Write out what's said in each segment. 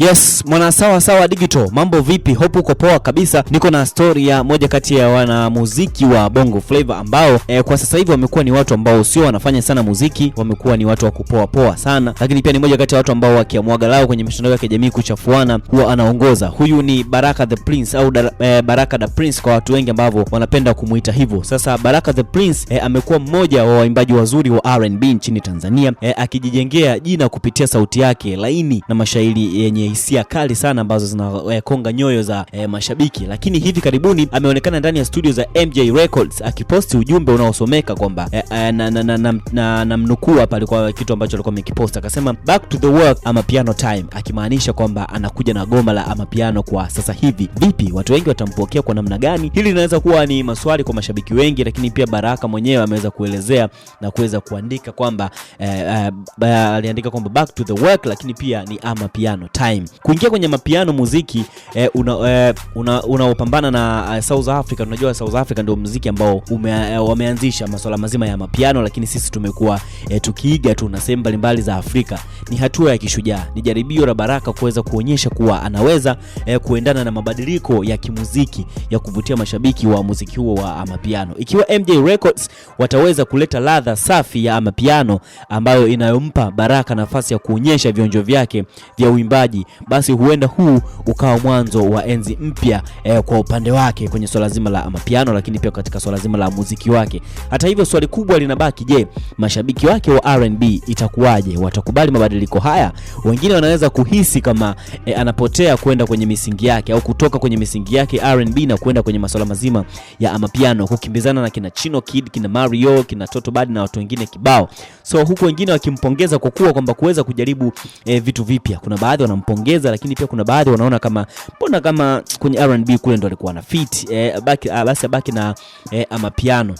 Yes, mwana sawa sawa digital, mambo vipi? Hope uko poa kabisa. Niko na story ya moja kati ya wanamuziki wa Bongo Flava ambao eh, kwa sasa hivi wamekuwa ni watu ambao sio wanafanya sana muziki, wamekuwa ni watu wa kupoa poa sana, lakini pia ni moja kati ya watu ambao wakiamwaga lao kwenye mitandao ya kijamii kuchafuana huwa anaongoza. Huyu ni Baraka the Prince au da, eh, Baraka the Prince kwa watu wengi ambao wanapenda kumuita hivyo. Sasa Baraka the Prince eh, amekuwa mmoja wa waimbaji wazuri wa R&B nchini Tanzania eh, akijijengea jina kupitia sauti yake laini na mashairi yenye hisia kali sana ambazo zinakonga nyoyo za e, mashabiki, lakini hivi karibuni ameonekana ndani ya studio za MJ Records akiposti ujumbe unaosomeka kwamba e, e, na, na, na, na, na, na mnukuu hapa, alikuwa kitu ambacho alikuwa amekiposti akasema back to the work Amapiano time, akimaanisha kwamba anakuja na goma la Amapiano kwa sasa hivi. Vipi, watu wengi watampokea kwa namna gani? Hili linaweza kuwa ni maswali kwa mashabiki wengi, lakini pia Baraka mwenyewe ameweza kuelezea na kuweza kuandika kwamba e, e, aliandika kwamba back to the work, lakini pia ni Amapiano time time. Kuingia kwenye mapiano muziki eh, unaopambana eh, una, una na eh, South Africa. Unajua South Africa ndio muziki ambao ume, eh, wameanzisha masuala mazima ya mapiano, lakini sisi tumekuwa eh, tukiiga tu na sehemu mbalimbali za Afrika. Ni hatua ya kishujaa, ni jaribio la Baraka kuweza kuonyesha kuwa anaweza eh, kuendana na mabadiliko ya kimuziki ya kuvutia mashabiki wa muziki huo wa amapiano. Ah, Ikiwa MJ Records wataweza kuleta ladha safi ya amapiano ambayo inayompa Baraka nafasi ya kuonyesha vionjo vyake vya uimbaji basi huenda huu ukawa mwanzo wa enzi mpya eh, kwa upande wake kwenye swala zima la mapiano, lakini pia katika swala zima la muziki wake. Hata hivyo, swali kubwa linabaki, je, mashabiki wake wa R&B itakuwaje? Watakubali mabadiliko haya? Wengine wanaweza kuhisi kama eh, anapotea kwenda kwenye misingi yake au kutoka kwenye misingi yake R&B na kwenda kwenye masuala mazima ya amapiano, kukimbizana na kina Chino Kid, kina Mario, kina Toto Bad na watu wengine kibao. So huku wengine wakimpongeza kwa kuwa kwamba kuweza kujaribu eh, vitu vipya. Kuna baadhi wanam wanampongeza, lakini pia kuna baadhi wanaona kama mbona kama kwenye R&B kule ndo alikuwa na fit eh, ah, basi abaki na eh, amapiano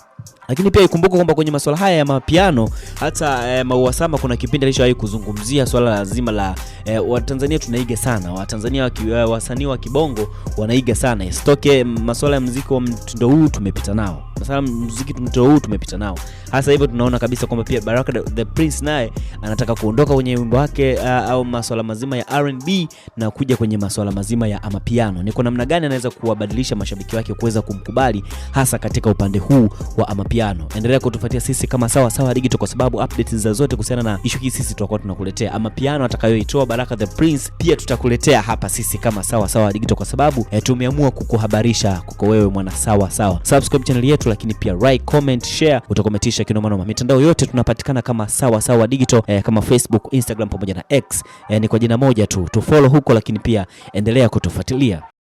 lakini pia ikumbuke kwamba kwenye masuala haya ya mapiano hata eh, Maua Sama kuna kipindi alichowahi kuzungumzia swala zima la eh, Watanzania tunaiga sana Watanzania waki, eh, wasanii wa kibongo wanaiga sana isitoke, masuala ya muziki wa mtindo huu tumepita nao, masuala muziki mtindo huu tumepita nao hasa hivyo. Tunaona kabisa kwamba pia Baraka the Prince naye anataka kuondoka kwenye wimbo wake uh, au masuala mazima ya R&B na kuja kwenye masuala mazima ya amapiano. Ni kwa namna gani anaweza kuwabadilisha mashabiki wake kuweza kumkubali hasa katika upande huu wa amapiano mahusiano. Endelea kutufuatia sisi kama Sawa Sawa Digital kwa sababu updates za zote kuhusiana na ishu hii sisi tutakuwa tunakuletea, ama piano atakayoitoa Baraka the Prince pia tutakuletea hapa sisi kama Sawa Sawa Digital kwa sababu eh, tumeamua kukuhabarisha kuko wewe mwana Sawa Sawa. Subscribe channel yetu, lakini pia like, comment, share, utakometisha kinomanoma. Mitandao yote tunapatikana kama Sawa Sawa Digital eh, kama Facebook, Instagram pamoja na X eh, ni kwa jina moja tu, tufollow huko, lakini pia endelea kutufuatilia.